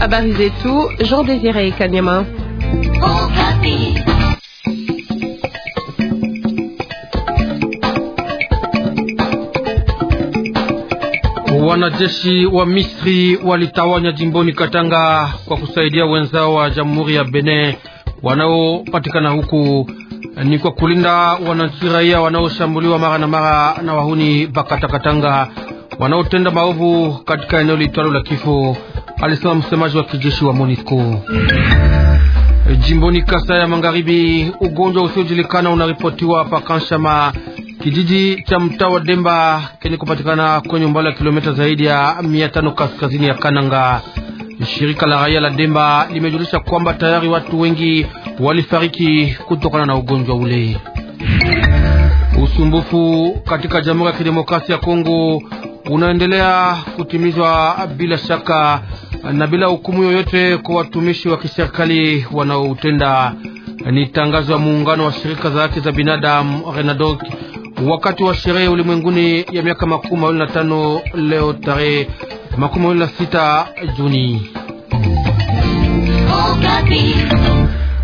Habari zetu Jean Désiré Kanyama. Wanajeshi wa Misri walitawanya jimboni Katanga kwa kusaidia wenzao wa Jamhuri ya Benin wanaopatikana huku ni kwa kulinda wananchi raia wanaoshambuliwa mara na mara na wahuni bakatakatanga wanaotenda maovu katika eneo litwalo la kifo, alisema msemaji wa kijeshi wa MONUSCO. Jimboni Kasai ya Magharibi, ugonjwa usiojulikana unaripotiwa pa Kanshama, kijiji cha mtaa wa Demba kenye kupatikana kwenye umbali wa kilomita zaidi ya tano kaskazini ya Kananga. Shirika la raia la Demba limejulisha kwamba tayari watu wengi walifariki kutokana na ugonjwa ule. Usumbufu katika Jamhuri ya Kidemokrasia ya Kongo unaendelea kutimizwa bila shaka na bila hukumu yoyote kwa watumishi wa kiserikali wanaoutenda. Ni tangazo ya muungano wa shirika za haki za binadamu Renadoc wakati wa sherehe ulimwenguni ya miaka makumi mawili na tano leo tarehe makumi mawili na sita Juni.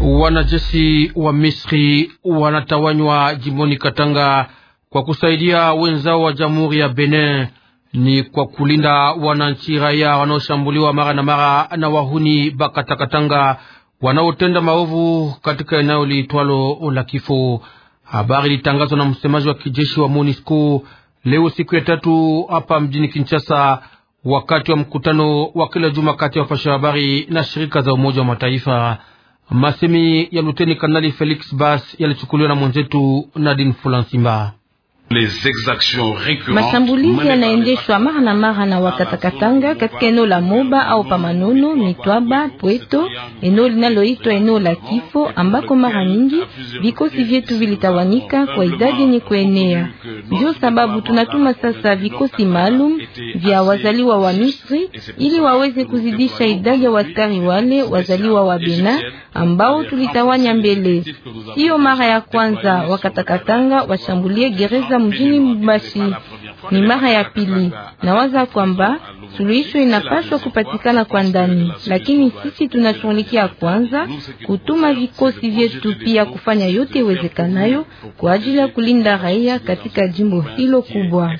Wanajeshi wa Misri wanatawanywa jimboni Katanga kwa kusaidia wenzao wa jamhuri ya Benin ni kwa kulinda wananchi raia wanaoshambuliwa mara na mara na wahuni Bakatakatanga wanaotenda maovu katika eneo liitwalo la kifo. Habari ilitangazwa na msemaji wa kijeshi wa MONUSCO leo siku ya tatu hapa mjini Kinshasa, wakati wa mkutano wa kila juma kati ya wapasha habari na shirika za Umoja wa Mataifa. Masemi ya Luteni Kanali Felix Bas yalichukuliwa na mwenzetu nadin Fulansimba. Mashambulizi yanaendeshwa mara na mara na wakatakatanga katika eneo la Moba au pamanono Mitwaba, Pweto, eneo linaloitwa eneo la kifo, ambako mara nyingi vikosi vyetu vilitawanika kwa idadi yenye kuenea. Ndio sababu tunatuma sasa vikosi maalum vya wazaliwa wa Misri ili waweze kuzidisha idadi ya waskari wale wazaliwa wa Bena ambao tulitawanya mbele. Sio mara ya kwanza wakatakatanga washambulie gereza kwanza mjini Mbashi. Ni mara ya pili. Nawaza kwamba suluhisho inapaswa kupatikana kwa ndani, lakini sisi tunashughulikia kwanza kutuma vikosi vyetu pia kufanya yote iwezekanayo kwa ajili ya kulinda raia katika jimbo hilo kubwa.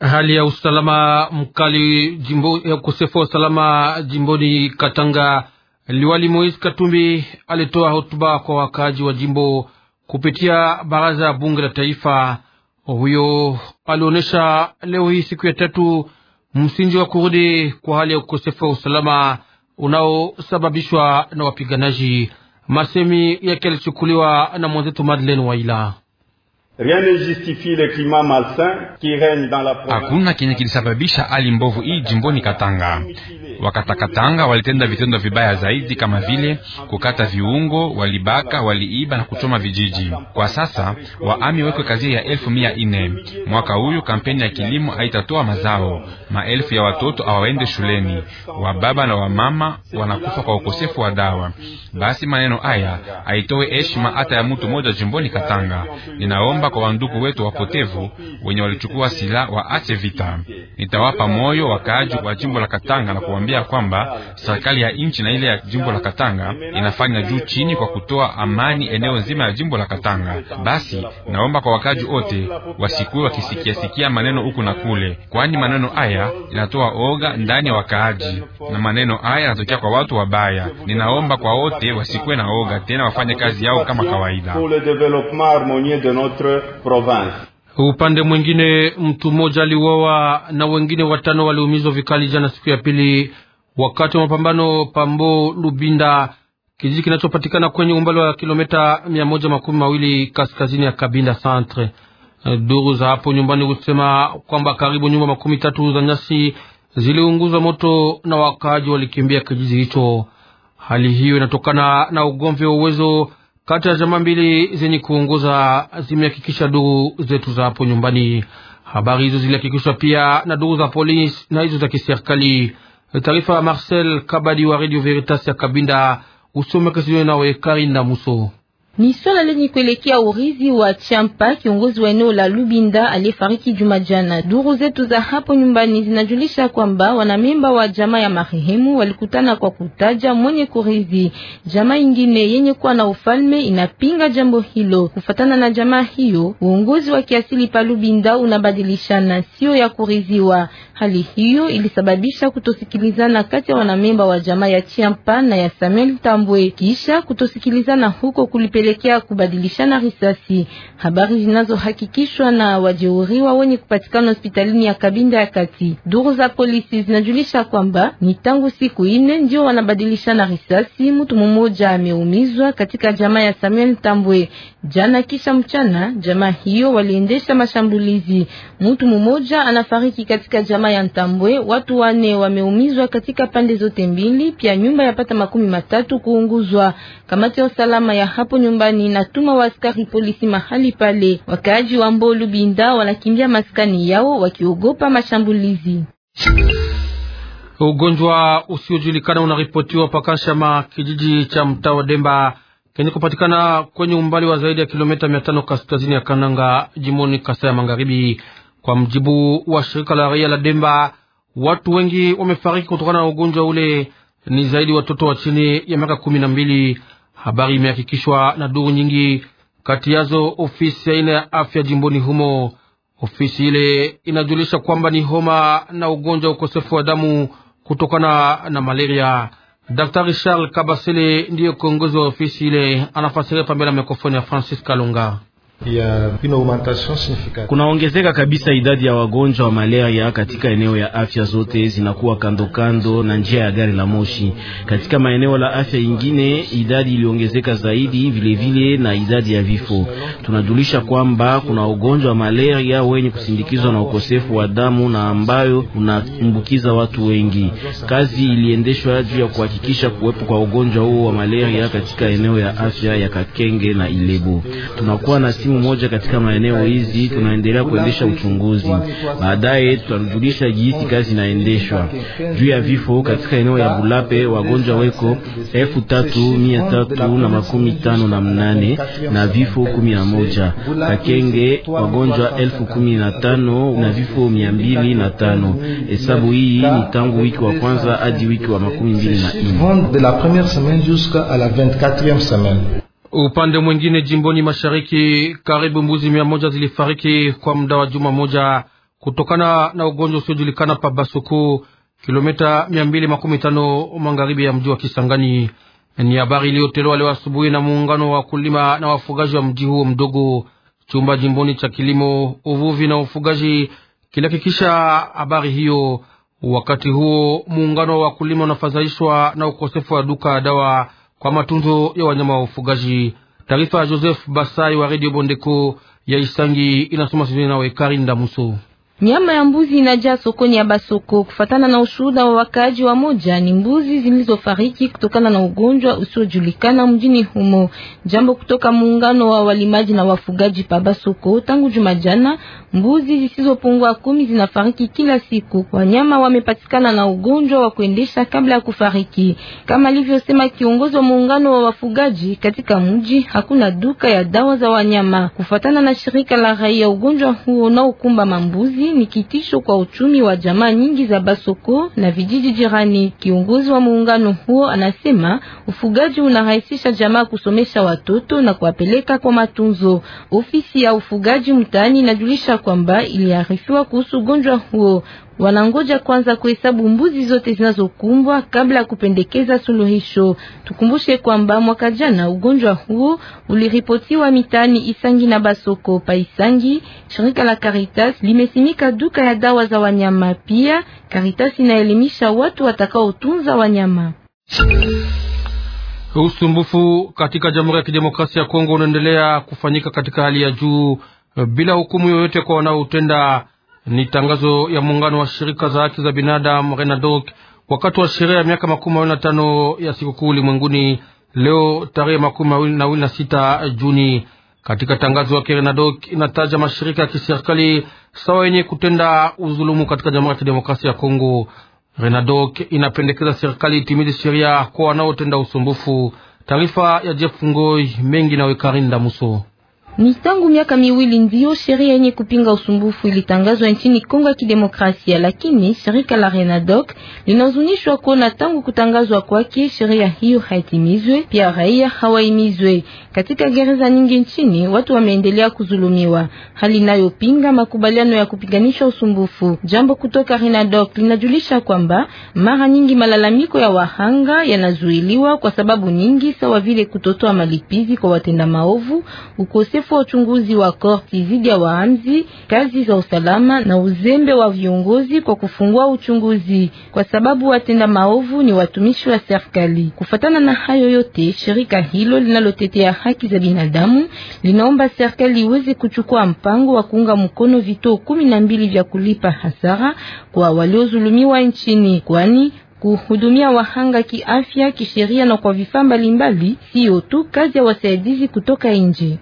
Hali ya usalama mkali jimbo, ya ukosefu wa usalama jimboni Katanga. Liwali Moise Katumbi alitoa hotuba kwa wakaaji wa jimbo kupitia baraza ya bunge la taifa. Huyo alionyesha leo hii siku ya tatu msingi wa kurudi kwa hali ya ukosefu wa usalama unaosababishwa na wapiganaji. Masemi yake yalichukuliwa na mwenzetu Madeleine Waila. Hakuna kenye kilisababisha hali mbovu hii jimboni Katanga. Wakatakatanga walitenda vitendo vibaya zaidi, kama vile kukata viungo, walibaka, waliiba na kuchoma vijiji. Kwa sasa waami wekwe kazi ya elfu mia ine. Mwaka huyu kampeni ya kilimo haitatoa mazao, maelfu ya watoto hawaende shuleni, wababa na wamama wanakufa kwa ukosefu wa dawa. Basi maneno haya haitoe heshima hata ya mtu mmoja jimboni Katanga. Ninaomba kuomba kwa wandugu wetu wapotevu wenye walichukua silaha waache vita. Nitawapa moyo wakaaji wa jimbo la Katanga na kuwambia kwamba serikali ya nchi na ile ya jimbo la Katanga inafanya juu chini kwa kutoa amani eneo nzima ya jimbo la Katanga. Basi naomba kwa wakaaji wote wasikuwe wakisikiasikia maneno huku na kule, kwani maneno haya inatoa oga ndani ya wakaaji na maneno haya yanatokea kwa watu wabaya. Ninaomba kwa wote wasikuwe na oga tena, wafanye kazi yao kama kawaida province. Upande mwingine mtu mmoja aliuawa na wengine watano waliumizwa vikali jana siku ya pili wakati wa mapambano Pambo Lubinda, kijiji kinachopatikana kwenye umbali wa kilomita mia moja makumi mawili kaskazini ya Kabinda Centre. Eh, duru za hapo nyumbani kusema kwamba karibu nyumba makumi tatu za nyasi ziliunguzwa moto na wakaaji walikimbia kijiji hicho. Hali hiyo inatokana na ugomvi wa uwezo kati ya jamaa mbili zenye kuongoza zimehakikisha ndugu zetu za hapo nyumbani. Habari hizo zilihakikishwa pia na ndugu za polisi na hizo za kiserikali. Taarifa ya Marcel Kabadi wa Radio Veritas ya Kabinda, usomekesiwe nawe Karinda Muso. Ni swala lenye kuelekea urithi wa Champa, kiongozi wa eneo la Lubinda aliyefariki juma jana. Duru zetu za hapo nyumbani zinajulisha kwamba wanamemba wa jamaa ya marehemu walikutana kwa kutaja mwenye kurithi. Jamaa ingine yenye kuwa na ufalme inapinga jambo hilo. Kufatana na jamaa hiyo, uongozi wa kiasili pa Lubinda unabadilishana, sio ya kuriziwa Hali hiyo ilisababisha kutosikilizana kati ya wanamemba wa jamaa ya Chiampa na ya Samuel Tambwe. Kisha kutosikilizana huko kulipelekea kubadilishana risasi, habari zinazohakikishwa na wajeuriwa wenye kupatikana hospitalini ya Kabinda ya Kati. Duru za polisi zinajulisha kwamba ni tangu siku ine ndio wanabadilishana risasi, mtu mmoja ameumizwa katika jamaa ya Samuel Tambwe. Jana kisha mchana, jamaa hiyo waliendesha mashambulizi. Mtu mmoja anafariki katika jamaa ya Ntambwe, watu wane wameumizwa katika pande zote mbili, pia nyumba yapata makumi matatu kuunguzwa. Kamati ya usalama ya hapo nyumbani inatuma waaskari polisi mahali pale. Wakaaji wa Mbolu Binda wanakimbia maskani yao wakiogopa mashambulizi. Ugonjwa usiojulikana unaripotiwa pakanshama kijiji cha mtaa wa Demba kenye kupatikana kwenye umbali wa zaidi ya kilomita mia tano kaskazini ya Kananga, jimoni Kasa ya Magharibi. Kwa mjibu wa shirika la raia la Demba, watu wengi wamefariki kutokana na ugonjwa ule, ni zaidi watoto wa chini ya miaka kumi na mbili. Habari imehakikishwa na duru nyingi, kati yazo ofisi ya aina ya afya jimboni humo. Ofisi ile inajulisha kwamba ni homa na ugonjwa wa ukosefu wa damu kutokana na malaria. Daktari Charles Kabasele ndiyo kiongozi wa ofisi ile, anafasiria pambele ya mikrofoni ya Francis Kalunga ya une augmentation significative. Kunaongezeka kabisa idadi ya wagonjwa wa malaria katika eneo ya afya zote zinakuwa kando kando na njia ya gari la moshi. Katika maeneo la afya ingine idadi iliongezeka zaidi vilevile vile na idadi ya vifo. Tunajulisha kwamba kuna ugonjwa wa malaria wenye kusindikizwa na ukosefu wa damu na ambayo unaambukiza watu wengi. Kazi iliendeshwa juu ya kuhakikisha kuwepo kwa ugonjwa huo wa malaria katika eneo ya afya ya Kakenge na Ilebo. Tunakuwa na simu simu moja katika maeneo hizi, tunaendelea kuendesha uchunguzi. Baadaye tutajulisha jinsi kazi inaendeshwa juu ya vifo katika eneo ya Bulape. Wagonjwa weko elfu tatu mia tatu na makumi tano na mnane na vifo kumi na moja. Kakenge wagonjwa elfu kumi na tano na vifo mia mbili na tano. Hesabu hii ni tangu wiki wa kwanza hadi wiki wa makumi mbili na nne. Upande mwingine jimboni mashariki, karibu mbuzi mia moja zilifariki kwa muda wa juma moja kutokana na ugonjwa usiojulikana pa Basuku, kilomita mia mbili makumi tano magharibi ya mji wa Kisangani. Ni habari iliyotolewa leo asubuhi na muungano wa wakulima na wafugaji wa mji huo mdogo. Chumba jimboni cha kilimo, uvuvi na ufugaji kilihakikisha habari hiyo. Wakati huo muungano wa wakulima unafadhaishwa na ukosefu wa duka ya dawa kwa matunzo ya wanyama wa ufugaji. Taarifa ya Joseph Basai wa Radio Bondeko ya Isangi inasoma nawe karin damuso Nyama ya mbuzi inajaa sokoni ya Basoko. Kufatana na ushuhuda wa wakaaji wa moja, ni mbuzi zilizofariki kutokana na ugonjwa usiojulikana mjini humo, jambo kutoka muungano wa walimaji na wafugaji pa Basoko. Tangu Jumajana, mbuzi zisizopungua kumi zinafariki kila siku. Wanyama wamepatikana na ugonjwa wa kuendesha kabla ya kufariki, kama alivyosema kiongozi wa muungano wa wafugaji. Katika mji hakuna duka ya dawa za wanyama. Kufatana na shirika la raia, ugonjwa huo unaokumba mambuzi ni kitisho kwa uchumi wa jamaa nyingi za Basoko na vijiji jirani. Kiongozi wa muungano huo anasema ufugaji unarahisisha jamaa kusomesha watoto na kuwapeleka kwa matunzo. Ofisi ya ufugaji mtaani inajulisha kwamba iliarifiwa kuhusu ugonjwa huo. Wanangoja kwanza kuhesabu mbuzi zote zinazokumbwa kabla ya kupendekeza suluhisho. Tukumbushe kwamba mwaka jana ugonjwa huo uliripotiwa mitani Isangi na Basoko. Paisangi, shirika la Caritas limesimika duka ya dawa za wanyama. Pia Caritas inaelimisha watu watakaotunza wanyama. Usumbufu katika Jamhuri ya Kidemokrasia ya Kongo unaendelea kufanyika katika hali ya juu bila hukumu yoyote kwa wanaotenda ni tangazo ya muungano wa shirika za haki za binadamu Renadoc wakati wa sherehe ya miaka makumi mawili na tano ya sikukuu ulimwenguni leo tarehe makumi mawili na na sita Juni. Katika tangazo yake Renadoc inataja mashirika ya kiserikali sawa yenye kutenda udhulumu katika Jamhuri ya Demokrasia ya Kongo. Renadoc inapendekeza serikali itimize sheria kwa wanaotenda usumbufu. Taarifa ya Jeff Ngoi mengi na Wekarinda Muso. Ni tangu miaka miwili ndiyo sheria yenye kupinga usumbufu ilitangazwa nchini Kongo ya Kidemokrasia, lakini shirika la Renadoc linazunishwa kuona tangu kutangazwa kwake sheria hiyo haitimizwe, pia raia hawaimizwe. Katika gereza nyingi nchini watu wameendelea kuzulumiwa, hali inayopinga makubaliano ya kupiganisha usumbufu. Jambo kutoka Renadoc linajulisha kwamba mara nyingi malalamiko ya wahanga yanazuiliwa kwa sababu nyingi, sawa vile kutotoa malipizi kwa watenda maovu, ukose ukosefu wa uchunguzi wa korti dhidi ya waamzi, kazi za usalama na uzembe wa viongozi kwa kufungua uchunguzi, kwa sababu watenda maovu ni watumishi wa serikali. Kufatana na hayo yote, shirika hilo linalotetea haki za binadamu linaomba serikali iweze kuchukua mpango wa kuunga mkono vituo kumi na mbili vya kulipa hasara kwa waliozulumiwa nchini, kwani kuhudumia wahanga kiafya, kisheria na kwa vifaa mbalimbali, sio tu kazi ya wasaidizi kutoka nje.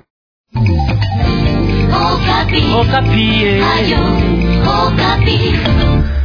Okapi. Oh, Okapi. Oh, eh.